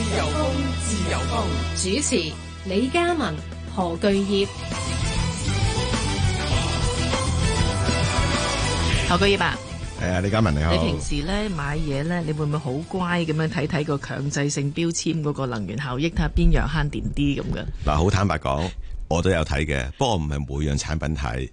自由風，自由風。主持李嘉文，何巨業。何巨業啊？係啊，李嘉文你好。你平時咧買嘢咧，你會唔會好乖咁樣睇睇個強制性標籤嗰個能源效益，睇下邊樣慳電啲咁噶？嗱， 好坦白講，我都有睇嘅，不過唔係每樣產品睇。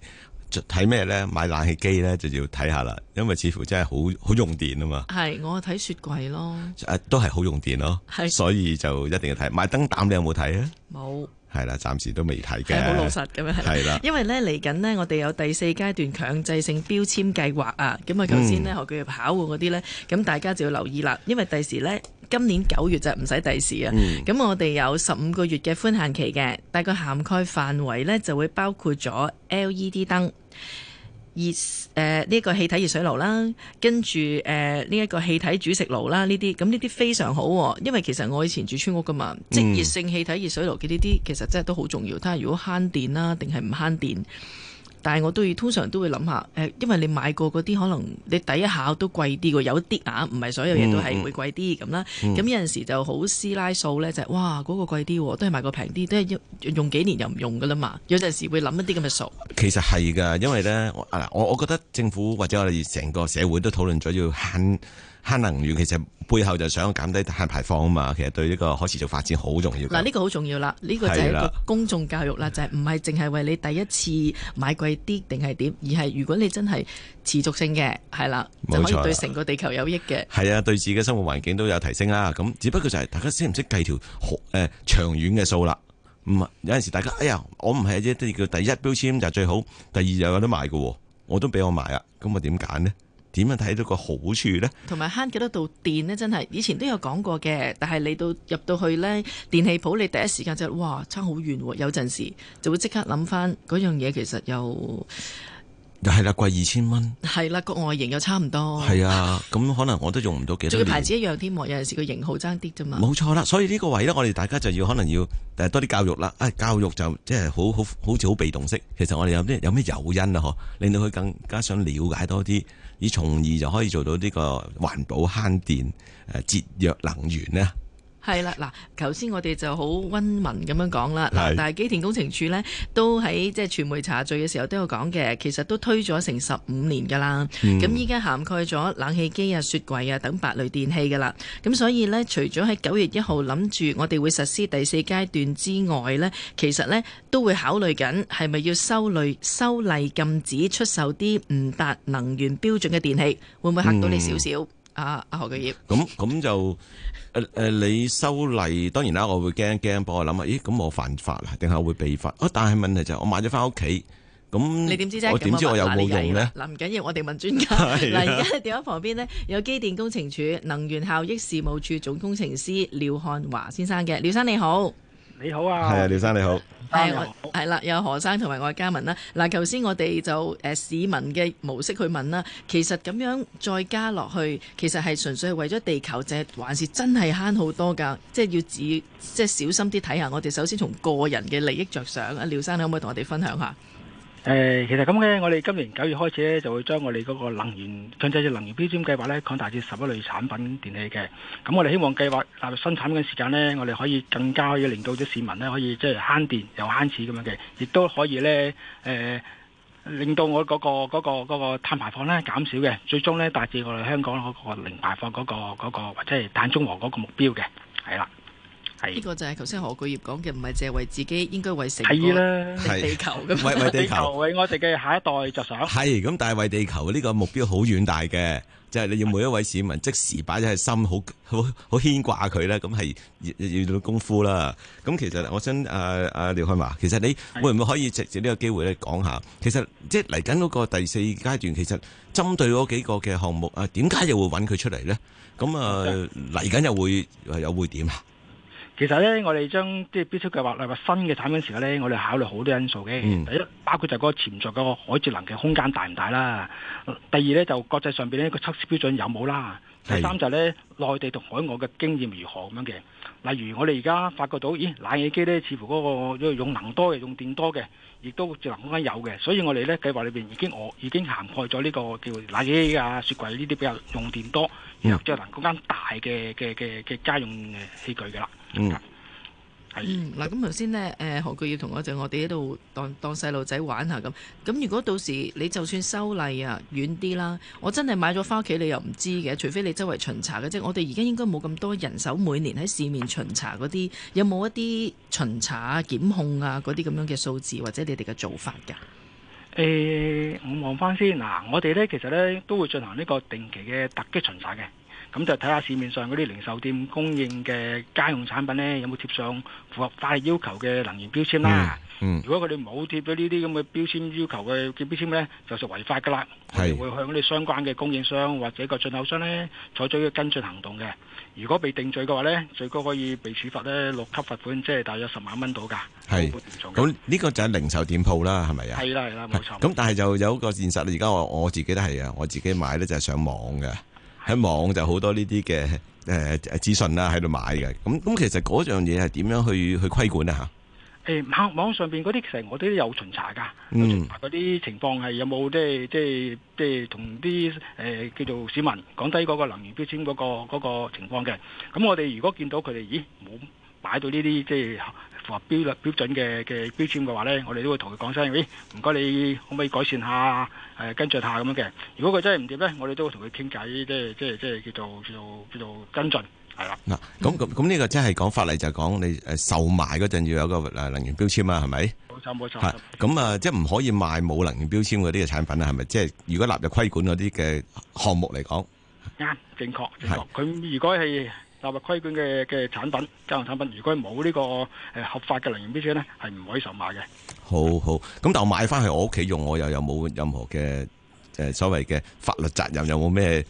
睇咩咧？買冷氣機咧就要睇下啦，因為似乎真係好好用電啊嘛。係，我睇雪櫃咯，啊、都係好用電咯，的所以就一定要睇。買燈膽你有冇睇啊？冇沒，係啦，暫時都未睇嘅。好老實咁樣，係啦。的因為咧嚟緊呢，我哋有第四階段強制性標籤計劃啊，咁啊，頭先呢，嗯、學佢哋跑嗰啲咧，咁大家就要留意啦，因為第時咧。今年九月就唔使第時啊，咁、嗯、我哋有十五個月嘅寬限期嘅，大概涵蓋範圍呢就會包括咗 LED 燈熱誒呢一個氣體熱水爐啦，跟住誒呢一個氣體煮食爐啦呢啲，咁呢啲非常好、啊，因為其實我以前住村屋噶嘛，即熱性氣體熱水爐嘅呢啲其實真係都好重要，睇下如果慳電啦定係唔慳電。但係我都要通常都會諗下，誒、呃，因為你買過嗰啲可能你第一下都貴啲喎，有啲啊，唔係所有嘢都係會貴啲咁啦。咁、嗯嗯、有陣時就好師奶數咧，就係、哇嗰、嗰個貴啲，都係買個平啲，都係用用幾年又唔用噶啦嘛。有陣時會諗一啲咁嘅數。其實係㗎，因為咧，我我覺得政府或者我哋成個社會都討論咗要慳。慳能源其實背後就想減低碳排放啊嘛，其實對呢個可持續發展好重要。嗱，呢、這個好重要啦，呢、這個就係一個公眾教育啦，的就係唔係淨係為你第一次買貴啲定係點，而係如果你真係持續性嘅，係啦，就可以對成個地球有益嘅。係啊，對自己嘅生活環境都有提升啦。咁只不過就係大家識唔識計條好、誒、長遠嘅數啦？唔、嗯、係有陣時大家，哎呀，我唔係一啲叫第一標籤就最好，第二又有得賣㗎，我都俾我買啊。咁我點揀呢？點樣睇到個好處咧？同埋慳幾多度電咧？真係以前都有講過嘅，但係你到入到去咧電器鋪，你第一時間就哇差好遠喎、啊！有陣時就會即刻諗翻嗰樣嘢，其實又係啦，貴二千蚊，係啦，個外形又差唔多，係啊，咁可能我都用唔到幾多年，仲要牌子一樣添、啊、喎，有陣時個型號爭啲咋嘛，冇錯啦。所以呢個位咧，我哋大家就要可能要多啲教育啦。啊，教育就即係好好好似好被動式，其實我哋有啲有咩誘因啊？呵，令到佢更加想了解多啲。以從而就可以做到呢個環保、慳電、誒節約能源咧。係啦，嗱，頭先我哋就好溫文咁樣講啦，嗱是，但係機電工程署呢，都喺即係傳媒查罪嘅時候都有講嘅，其實都推咗成十五年㗎啦。咁依家涵蓋咗冷氣機啊、雪櫃啊等八類電器㗎啦。咁所以呢，除咗喺九月一號諗住我哋會實施第四階段之外呢，其實呢，都會考慮緊係咪要收類修例禁止出售啲唔達能源標準嘅電器，會唔會嚇到你少少？嗯啊！何繼業，咁咁就誒誒，你收禮，當然啦，我會驚驚，幫我諗下，咦？咁我犯法啊？定係會被罰？啊！但係問題就係我買咗翻屋企，咁你點知啫？我點知我有冇用咧？嗱，唔緊要，我哋問專家，嗱，而家電話旁邊呢有機電工程署能源效益事務處總工程師廖漢華先生嘅，廖生你好。你好啊，係啊，廖生你好，係我係啦，有何生同埋我嘅嘉文啦。嗱、啊，頭先我哋就誒、呃、市民嘅模式去問啦，其實咁樣再加落去，其實係純粹係為咗地球啫，還是真係慳好多㗎？即係要自，即係小心啲睇下。我哋首先從個人嘅利益着想，啊、廖生你可唔可以同我哋分享下？誒、呃，其實咁呢，我哋今年九月開始呢，就會將我哋嗰個能源強制嘅能源標籤計劃呢，擴大至十一類產品電器嘅。咁我哋希望計劃納入新產品嘅時間呢，我哋可以更加可以令到啲市民呢，可以即係慳電又慳錢咁樣嘅，亦都可以呢，誒、呃，令到我嗰、嗰個、嗰個、嗰個嗰個碳排放呢減少嘅，最終呢，達至我哋香港嗰個零排放嗰、嗰個嗰、嗰個、嗰個、或者係碳中和嗰個目標嘅，係啦。呢個就係頭先何巨業講嘅，唔係淨係為自己，應該為成個地球咁，為為地球，為我哋嘅下一代着想。係咁，但係為地球呢個目標好遠大嘅，就係你要每一位市民即時擺咗係心好好好牽掛佢咧，咁係要要到功夫啦。咁其實我想，誒誒，廖漢華，其實你會唔會可以借住呢個機會咧講下？其實即係嚟緊嗰個第四階段，其實針對嗰幾個嘅項目啊，點解又會揾佢出嚟？咧？咁啊嚟緊又會又會點啊？其實咧，我哋將即係標籤計劃例如話新嘅產品時候咧，我哋考慮好多因素嘅。嗯、第一，包括就嗰個潛在嗰個海智能嘅空間大唔大啦。第二咧，就國際上邊呢個測試標準有冇啦。第三就咧內的地同海外嘅經驗如何咁樣嘅。例如我哋而家發覺到，咦冷氣機咧，似乎嗰、嗰個用能多嘅、用電多嘅，亦都智能空間有嘅。所以我哋咧計劃裏邊已經我已經涵蓋咗呢個叫冷氣機啊、雪櫃呢啲比較用電多、智、嗯、能空間大嘅嘅嘅嘅家用器具嘅啦。嗯，的嗯，嗱，咁頭先呢，誒、呃，何巨要同我就是、我哋喺度當當細路仔玩下咁，咁如果到時你就算修例啊遠啲啦，我真係買咗翻屋企，你又唔知嘅，除非你周圍巡查嘅啫。我哋而家應該冇咁多人手，每年喺市面巡查嗰啲有冇一啲巡查、檢控啊嗰啲咁樣嘅數字或者你哋嘅做法㗎？誒、欸，我望翻先，嗱，我哋呢，其實呢，都會進行呢個定期嘅突擊巡查嘅。咁就睇下市面上嗰啲零售店供應嘅家用產品呢，有冇貼上符合法例要求嘅能源標籤啦？嗯嗯，如果佢哋冇貼咗呢啲咁嘅標籤要求嘅標籤呢，就係、是、違法噶啦。係是會向我哋相關嘅供應商或者個進口商呢採取跟進行動嘅。如果被定罪嘅話呢，最高可以被處罰呢六級罰款，即、就、係、是、大約十萬蚊到㗎。係，咁呢個就係零售店鋪啦，係咪啊？係啦，係啦，冇錯。咁的但係就有個現實，而家我我自己都係啊，我自己買呢就係、是、上網嘅。喺網就好多呢啲嘅誒誒資訊啦，喺度買嘅，咁咁其實嗰樣嘢係點樣去去規管啊？吓，誒網上邊嗰啲其實我都有巡查噶，嗯、巡查嗰啲情況係有冇即係即係即係同啲誒叫做市民講低嗰個能源標籤嗰、嗰個、嗰個情況嘅，咁我哋如果見到佢哋，咦冇。買到呢啲即係符合標率標準嘅嘅標籤嘅話咧，我哋都會同佢講聲，咦？唔該，你可唔可以改善下？誒，跟住下咁樣嘅。如果佢真係唔掂咧，我哋都會同佢傾偈，即係即係即係叫做叫做叫做跟進，係啦。嗱，咁咁咁呢個真係講法例，就係講你誒售賣嗰陣要有一個誒能源標籤啊，係咪？冇錯，冇錯。嚇，咁啊，即係唔可以賣冇能源標籤嗰啲嘅產品啊，係咪？即係如果納入規管嗰啲嘅項目嚟講，啱，正確正確。佢如果係納入規管嘅嘅產品金融產品，如果冇呢個誒合法嘅能源標籤咧，係唔可以售賣嘅。好好，咁但係我買翻去我屋企用，我又有冇任何嘅誒所謂嘅法律責任，有冇咩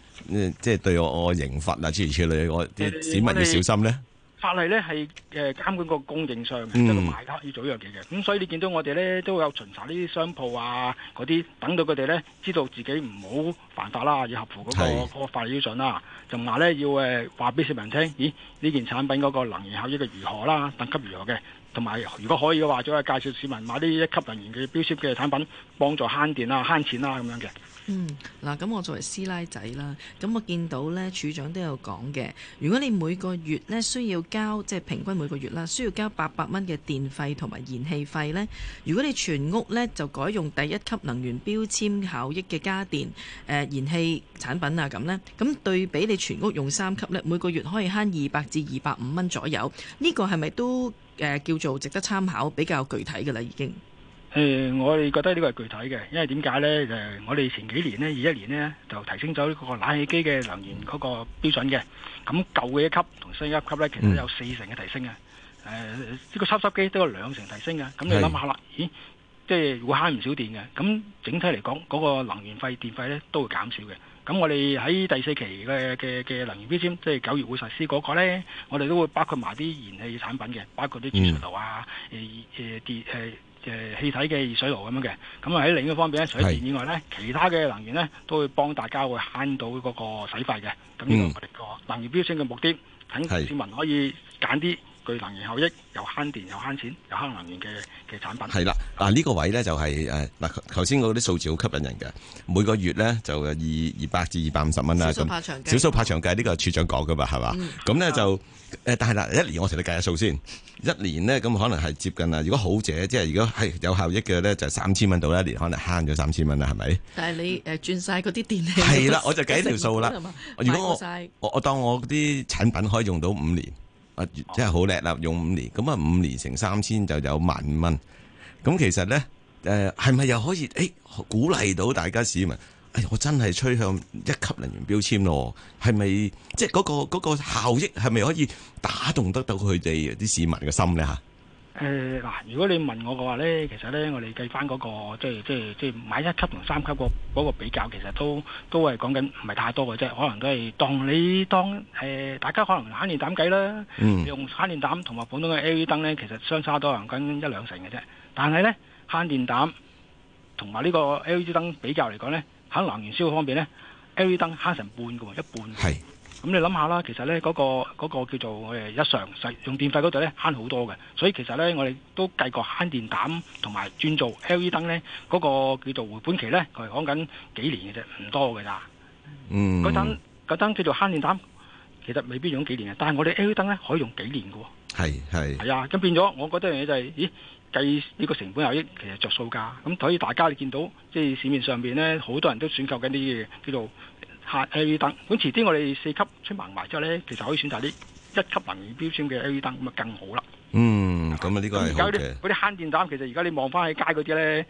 即係對我我刑罰啊？諸如此類，我啲、呃、我市民要小心咧。呃你法例咧係誒監管個供應商，即係個賣家要做呢樣嘢嘅，咁所以你見到我哋咧都有巡查呢啲商鋪啊，嗰啲等到佢哋咧知道自己唔好犯法啦，要合符嗰、嗰個、是個法律標準啦，仲話咧要誒話俾市民聽，咦呢件產品嗰個能源效益嘅如何啦，等級如何嘅？同埋，如果可以嘅話，仲可以介紹市民買啲一級能源嘅標籤嘅產品，幫助慳電啊、慳錢啦、啊、咁樣嘅。嗯，嗱，咁我作為師奶仔啦，咁我見到呢處長都有講嘅。如果你每個月呢需要交，即係平均每個月啦，需要交八百蚊嘅電費同埋燃氣費呢，如果你全屋呢就改用第一級能源標籤效益嘅家電、呃、燃氣產品啊咁呢，咁對比你全屋用三級呢，每個月可以慳二百至二百五蚊左右。呢、這個係咪都？誒、呃，叫做值得參考，比較具體嘅啦，已經。誒、欸，我哋覺得呢個係具體嘅，因為點解呢？誒、就是，我哋前幾年呢，二一年呢，就提升咗呢個冷氣機嘅能源嗰個標準嘅。咁舊嘅一級同新一級呢，其實都有四成嘅提升嘅。誒、嗯，呢、呃呢個抽濕機都有兩成提升嘅。咁你諗下啦，咦，即、就、係、是、會慳唔少電嘅。咁整體嚟講，嗰、那個能源費、電費呢，都會減少嘅。咁我哋喺第四期嘅嘅嘅能源標籤，即係九月會實施嗰個咧，我哋都會包括埋啲燃氣產品嘅，包括啲儲水爐啊、誒誒電誒誒氣體嘅熱水爐咁樣嘅。咁啊喺另一方面咧，除咗電以外咧，其他嘅能源咧都會幫大家會慳到嗰個使費嘅。咁呢個係我哋個能源標籤嘅目的，等市民可以揀啲、嗯。嗯具能源效益，又慳電又慳錢又慳能，能源嘅嘅產品。係啦，嗱、啊、呢、呢個位咧就係誒嗱，頭先嗰啲數字好吸引人嘅。每個月咧就二二百至二百五十蚊啦，咁小數怕長計，小數怕長計呢個處長講噶嘛，係嘛？咁咧、嗯嗯、就誒，啊、但係啦，一年我同你計下數先。一年咧咁可能係接近啦。如果好者，即係如果係有效益嘅咧，就三千蚊到一年，可能慳咗三千蚊啦，係咪？但係你誒、呃、轉晒嗰啲電器，係啦，我就計一條數啦。如果我我我，我，我當我啲產品可以用到五年。啊，真係好叻啦！用五年，咁啊五年乘三千就有萬五蚊。咁其實咧，誒係咪又可以誒鼓勵到大家市民？哎，我真係吹向一級能源標籤咯。係咪即係嗰個嗰個效益係咪可以打動得到佢哋啲市民嘅心咧？吓？誒嗱、呃，如果你問我嘅話咧，其實咧，我哋計翻嗰個即係即係即係買一級同三級個嗰個比較，其實都都係講緊唔係太多嘅啫，可能都係當你當誒、呃、大家可能慳電膽計啦，嗯、用慳電膽同埋普通嘅 LED 燈咧，其實相差都係講緊一兩成嘅啫。但係咧，慳電膽同埋呢個 LED 燈比較嚟講咧，喺能源消耗方面咧，LED 燈慳成半嘅喎，一半。係。咁、嗯、你諗下啦，其實咧嗰、嗰個嗰個叫做我哋日常使用電費嗰度咧，慳好多嘅，所以其實咧我哋都計過慳電膽同埋專做 LED 燈咧嗰個叫做回本期咧，係講緊幾年嘅啫，唔多㗎咋。嗯，嗰燈嗰燈叫做慳電膽，其實未必用幾年嘅，但係我哋 LED 燈咧可以用幾年㗎喎。係係係啊，咁變咗，我覺得一樣嘢就係、是，咦，計呢個成本效益其實着數㗎。咁所以大家你見到，即係市面上邊咧好多人都選購緊啲嘢叫做。係 LED，咁遲啲我哋四級吹埋埋之後咧，其實可以選擇啲一級能源標籤嘅 LED，咁啊更好啦。嗯，咁啊呢個係好嘅。而家啲嗰啲慳電膽，其實而家你望翻喺街嗰啲咧，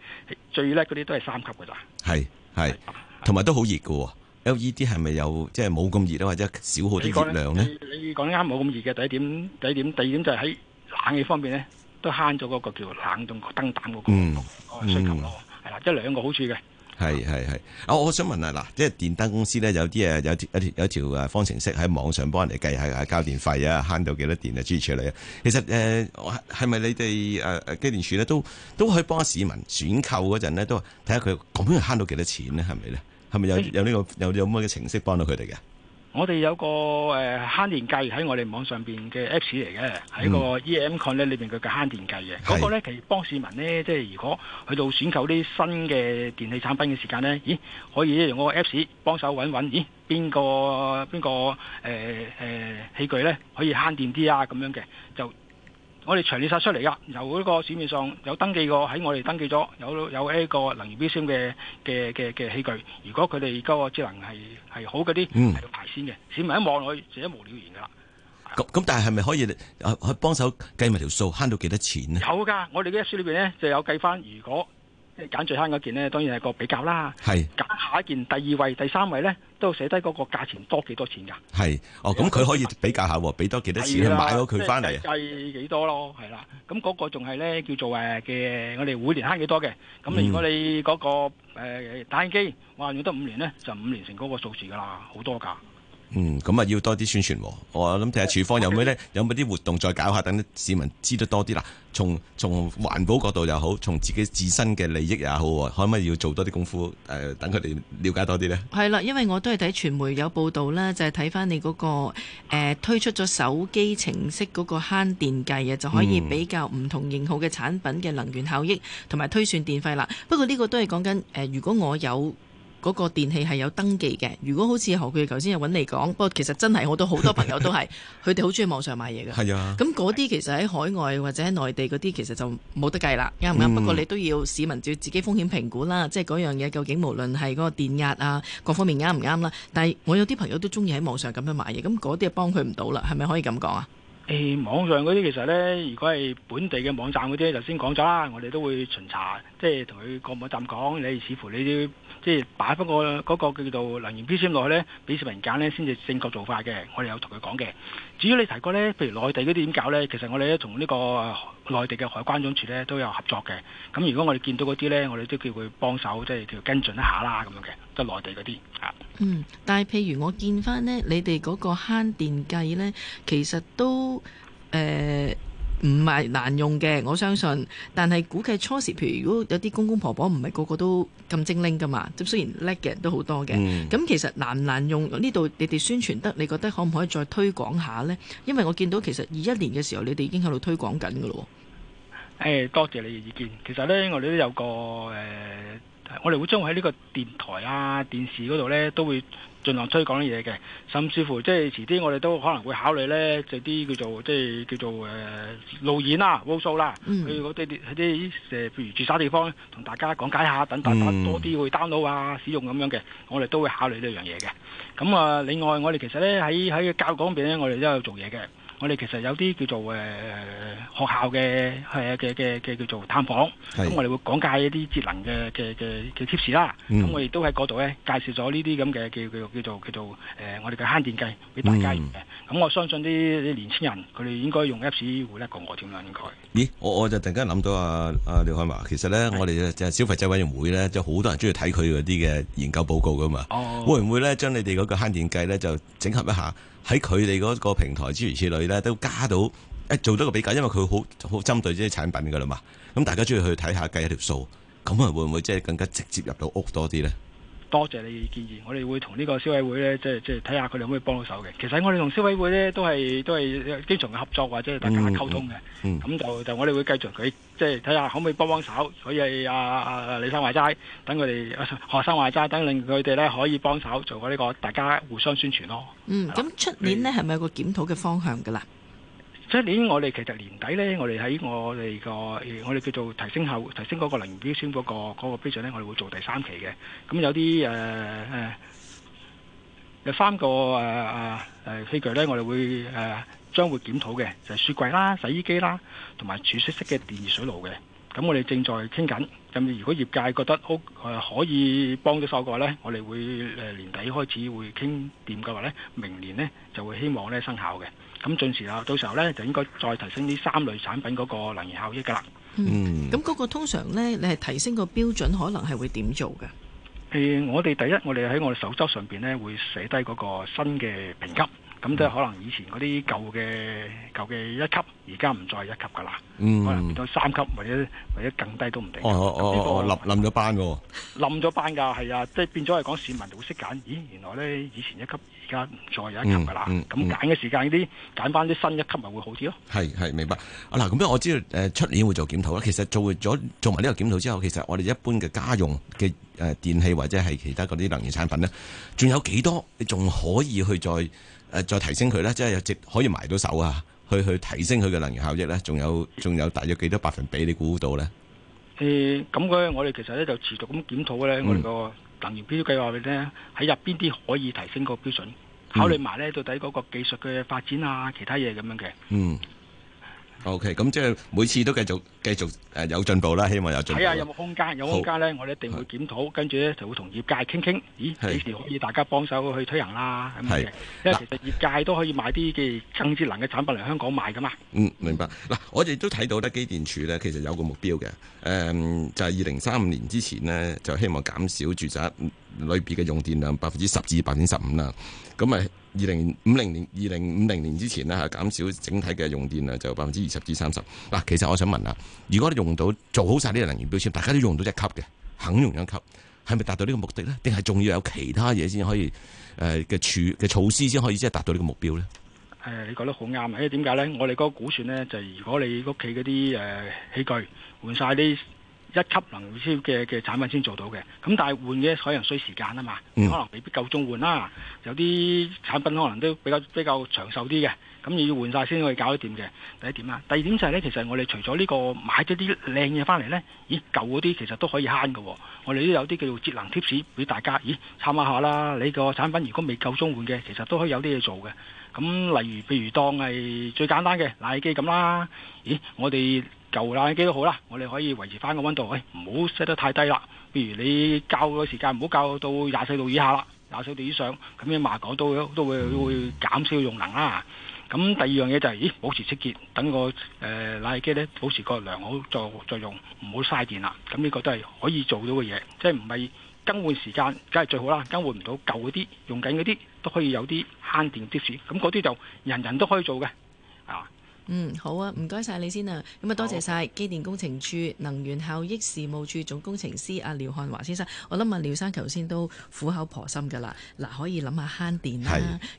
最叻嗰啲都係三級噶咋。係係，同埋都好熱嘅。LED 係咪有即係冇咁熱啊？或者少好啲熱量咧？你講啱，冇咁熱嘅。第一點，第一點，第二點就係喺冷氣方面咧，都慳咗嗰個叫冷凍燈膽個功率個需求咯。係啦，即係兩個好處嘅。係係係，啊、哦！我想問下，嗱，即係電燈公司咧有啲啊，有條有條有條啊方程式喺網上幫人哋計下交電費啊，慳到幾多電啊？諸如此類啊，其實誒，係、呃、咪你哋誒誒機電處咧都都可以幫市民選購嗰陣咧，都睇下佢咁樣慳到幾多錢咧？係咪咧？係咪有有呢、呢個有有咁嘅程式幫到佢哋嘅？我哋有個誒慳、呃、電計喺我哋網上邊嘅 Apps 嚟嘅，喺、嗯、個 EMCon 咧裏邊佢嘅個慳電計嘅。嗰個咧其實幫市民咧，即係如果去到選購啲新嘅電器產品嘅時間咧，咦，可以用個 Apps 幫手揾揾，咦，邊個邊個誒誒、呃呃、器具咧可以慳電啲啊咁樣嘅就。我哋查列晒出嚟啦，由呢個市面上有登記過喺我哋登記咗有有呢個能源標籤嘅嘅嘅嘅器具，如果佢哋嗰個節能係係好嗰啲，係度、嗯、排先嘅，市民一望落去就一目了然噶啦。咁咁、嗯，但係係咪可以去幫手計埋條數，慳到幾多錢咧？有㗎，我哋嘅一書裏邊咧就有計翻，如果。揀最慳嗰件咧，當然係個比較啦。係揀下一件，第二位，第三位咧，都寫低嗰個價錢多幾多錢㗎。係，哦，咁佢可以比較下，俾多幾多錢去買咗佢翻嚟。計幾多咯，係啦。咁嗰個仲係咧叫做誒嘅，我哋每年慳幾多嘅。咁如果你嗰個誒打印機，哇用得五年咧，就五年成嗰個數字㗎啦，好多㗎。嗯，咁啊要多啲宣傳，我諗睇下署方有咩呢？有冇啲活動再搞下，等啲市民知得多啲啦。從從環保角度又好，從自己自身嘅利益也好，可唔可以要做多啲功夫？誒、呃，等佢哋了解多啲呢？係啦，因為我都係睇傳媒有報道啦，就係睇翻你嗰、嗰個、呃、推出咗手機程式嗰個慳電計啊，就可以比較唔同型號嘅產品嘅能源效益，同埋推算電費啦。不過呢個都係講緊誒，如果我有。嗰個電器係有登記嘅。如果好似何佢頭先又揾你講，不過其實真係好多好多朋友都係佢哋好中意網上買嘢嘅。咁嗰啲其實喺海外或者喺內地嗰啲，其實就冇得計啦，啱唔啱？嗯、不過你都要市民照自己風險評估啦，即係嗰樣嘢究竟無論係嗰個電壓啊各方面啱唔啱啦。但係我有啲朋友都中意喺網上咁樣買嘢，咁嗰啲就幫佢唔到啦，係咪可以咁講啊？誒、欸，網上嗰啲其實呢，如果係本地嘅網站嗰啲，頭先講咗啦。我哋都會巡查，即係同佢個網站講，你似乎你。即係擺翻個嗰個叫做能源標籤落去呢，俾市民揀呢先至正確做法嘅。我哋有同佢講嘅。至於你提過呢，譬如內地嗰啲點搞呢？其實我哋呢同呢個內地嘅海關總署呢都有合作嘅。咁如果我哋見到嗰啲呢，我哋都叫佢幫手，即係叫跟進一下啦咁樣嘅，即係內地嗰啲啊。嗯，但係譬如我見翻呢，你哋嗰個慳電計呢，其實都誒。呃唔係難用嘅，我相信。但係估計初時，譬如如果有啲公公婆婆唔係個個都咁精靈噶嘛，即雖然叻嘅人都好多嘅，咁、嗯、其實難唔難用呢度，你哋宣傳得，你覺得可唔可以再推廣下呢？因為我見到其實二一年嘅時候，你哋已經喺度推廣緊噶咯。誒、哎，多謝你嘅意見。其實呢，我哋都有個誒、呃，我哋會將喺呢個電台啊、電視嗰度呢都會。盡量推廣啲嘢嘅，甚至乎即係遲啲我哋都可能會考慮咧，就啲叫做即係叫做誒路演啦、walkshow 啦，hmm. 去嗰啲啲譬如住宅地方，同大家講解下，等等，等多啲去 download 啊、使用咁樣嘅，我哋都會考慮呢樣嘢嘅。咁、嗯、啊，另外我哋其實咧喺喺教育方面咧，我哋都有做嘢嘅。我哋其實有啲叫做誒學校嘅係嘅嘅嘅叫做探訪，咁是我哋會講解一啲節能嘅嘅嘅嘅 tips 啦。咁、嗯、我亦都喺嗰度咧介紹咗呢啲咁嘅叫叫叫做叫做誒我哋嘅慳電計俾大家用嘅。咁、嗯、我相信啲年青人佢哋應該用 Apps、SI、會叻過我點啦應該。咦，我我就突然間諗到啊啊廖漢華，其實咧是我哋就消費者委員會咧，就好多人中意睇佢嗰啲嘅研究報告噶嘛。哦、會唔會咧將你哋嗰個慳電計咧就整合一下？喺佢哋嗰個平台諸如此類咧，都加到做咗個比較，因為佢好好針對啲產品㗎喇嘛。咁大家中意去睇下計一條數，咁啊會唔會即係更加直接入到屋多啲咧？多謝你建議，我哋會同呢個消委會咧，即係即係睇下佢哋可唔可以幫到手嘅。其實我哋同消委會咧都係都係經常嘅合作或者係大家溝通嘅。咁、嗯嗯、就就我哋會繼續佢，即係睇下可唔可以幫幫手。所以阿阿、啊、李生話齋，等佢哋學生話齋，等令佢哋咧可以幫手做咗、這、呢個大家互相宣傳咯。嗯，咁出吧年咧係咪有個檢討嘅方向㗎喇？即係我哋其實年底呢，我哋喺我哋個我哋叫做提升後提升嗰個能源標籤嗰個嗰、嗰個標準呢，我哋會做第三期嘅。咁有啲誒誒有三個誒誒器具呢，我哋會誒將、啊、會檢討嘅，就係雪櫃啦、洗衣機啦，同埋儲水式嘅電熱水爐嘅。咁我哋正在傾緊，甚至如果業界覺得好誒可以幫到手嘅話呢，我哋會誒年底開始會傾掂嘅話呢，明年呢就會希望呢生效嘅。咁進時啊，到時候呢，就應該再提升呢三類產品嗰個能源效益噶啦。嗯，咁、那、嗰個通常呢，你係提升個標準，可能係會點做嘅？誒、呃，我哋第一，我哋喺我哋手冊上邊呢，會寫低嗰個新嘅評級。咁即係可能以前嗰啲舊嘅舊嘅一級，而家唔再係一級噶啦，可能變到三級或者或者更低都唔定。哦哦哦，冧冧咗班㗎喎，冧咗班㗎，係啊，即係變咗係講市民會識揀。咦，原來咧以前一級，而家唔再有一級噶啦。咁揀嘅時間啲揀翻啲新一級咪會好啲咯。係係明白啊嗱。咁樣我知道誒出年會做檢討啦。其實做咗做埋呢個檢討之後，其實我哋一般嘅家用嘅誒電器或者係其他嗰啲能源產品咧，仲有幾多你仲可以去再？誒，再提升佢咧，即係有只可以埋到手啊，去去提升佢嘅能源效益咧，仲有仲有大約幾多百分比你估到咧？誒，咁嘅我哋其實咧就持續咁檢討咧，我哋個能源標準計劃裏邊，喺入邊啲可以提升個標準，考慮埋咧到底嗰個技術嘅發展啊，其他嘢，咁樣嘅。嗯。O K，咁即係每次都繼續繼續誒有進步啦，希望有進步。係啊，睇下有冇空間？有空間咧，我哋一定會檢討，跟住咧就會同業界傾傾。咦，幾時可以大家幫手去推行啦咁嘅。係，因為其實業界都可以買啲嘅更節能嘅產品嚟香港賣噶嘛。嗯，明白。嗱，我哋都睇到咧，機電署咧其實有個目標嘅，誒就係二零三五年之前咧，就希望減少住宅裏邊嘅用電量百分之十至百分之十五啦。咁咪。二零五零年、二零五零年之前咧嚇，減少整體嘅用電量就百分之二十至三十。嗱，其實我想問下，如果你用到做好曬啲能源標籤，大家都用到一級嘅，肯用一級，係咪達到呢個目的呢？定係仲要有其他嘢先可以誒嘅、呃、處嘅措施先可以即係達到呢個目標呢？誒、呃，你覺得好啱啊！因為點解呢？我哋嗰個估算呢，就係、是、如果你屋企嗰啲誒器具換晒啲。一級能源嘅嘅產品先做到嘅，咁但係換嘅可能需時間啊嘛，可能未必夠鍾換啦。有啲產品可能都比較比較長壽啲嘅，咁你要換晒先可以搞得掂嘅。第一點啦、啊，第二點就係呢，其實我哋除咗呢個買咗啲靚嘢翻嚟呢，咦舊嗰啲其實都可以慳嘅、哦。我哋都有啲叫做節能貼士俾大家，咦參考下啦。你個產品如果未夠鍾換嘅，其實都可以有啲嘢做嘅。咁例如譬如當係最簡單嘅奶機咁啦，咦我哋。舊冷氣機都好啦，我哋可以維持翻個溫度，喂、哎，唔好 set 得太低啦。譬如你校個時間，唔好校到廿四度以下啦，廿四度以上，咁樣嘛，講都都會都會減少用能啦。咁第二樣嘢就係、是，咦，保持清潔，等個誒、呃、冷氣機咧保持個良好作作用，唔好嘥電啦。咁呢個都係可以做到嘅嘢，即係唔係更換時間，梗係最好啦。更換唔到舊嗰啲，用緊嗰啲都可以有啲慳電貼士。咁嗰啲就人人都可以做嘅。嗯，好啊，唔該晒你先啊，咁啊多謝晒機電工程署能源效益事務處總工程師阿廖漢華先生，我諗阿廖生頭先都苦口婆心噶啦，嗱、啊、可以諗下慳電啦，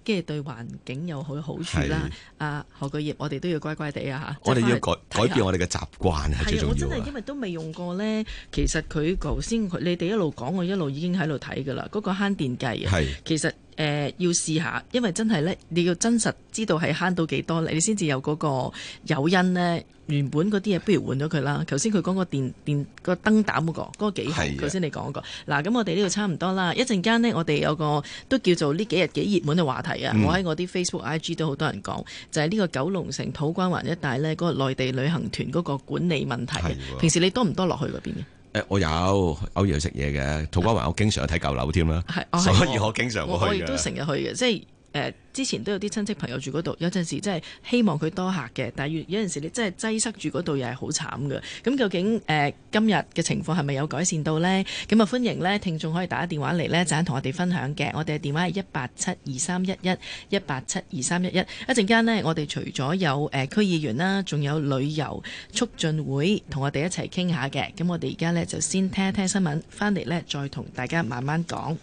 跟住是對環境有好多好處啦，是啊，何國業我哋都要乖乖地啊嚇，我哋要改看看改變我哋嘅習慣係最重要啊，我真係因為都未用過呢。其實佢頭先佢你哋一路講，我一路已經喺度睇噶啦，嗰、那個慳電計啊，係是其實。誒、呃、要試下，因為真係咧，你要真實知道係慳到幾多咧，你先至有嗰個誘因咧。原本嗰啲嘢不如換咗佢啦。頭先佢講個電電、那個燈膽嗰、那個，嗰、那個幾好。頭先的你講嗰、那個，嗱咁我哋呢度差唔多啦。一陣間呢，我哋有個都叫做呢幾日幾熱門嘅話題啊。嗯、我喺我啲 Facebook IG 都好多人講，就係、是、呢個九龍城土瓜灣一帶咧嗰、那個內地旅行團嗰個管理問題。的平時你多唔多落去嗰邊嘅？誒、欸，我有，偶爾食嘢嘅，土瓜灣我經常去睇舊樓添啦，的所以我經常去我，我，我經常會去，都成日去嘅，即係。誒、呃、之前都有啲親戚朋友住嗰度，有陣時真係希望佢多客嘅，但係有陣時你真係擠塞住嗰度又係好慘嘅。咁究竟誒、呃、今日嘅情況係咪有改善到呢？咁啊歡迎呢。聽眾可以打電話嚟呢，陣間同我哋分享嘅。我哋嘅電話係一八七二三一一一八七二三一一。一陣間呢，我哋除咗有誒、呃、區議員啦，仲有旅遊促進會同我哋一齊傾下嘅。咁我哋而家呢，就先聽一聽新聞，翻嚟呢，再同大家慢慢講。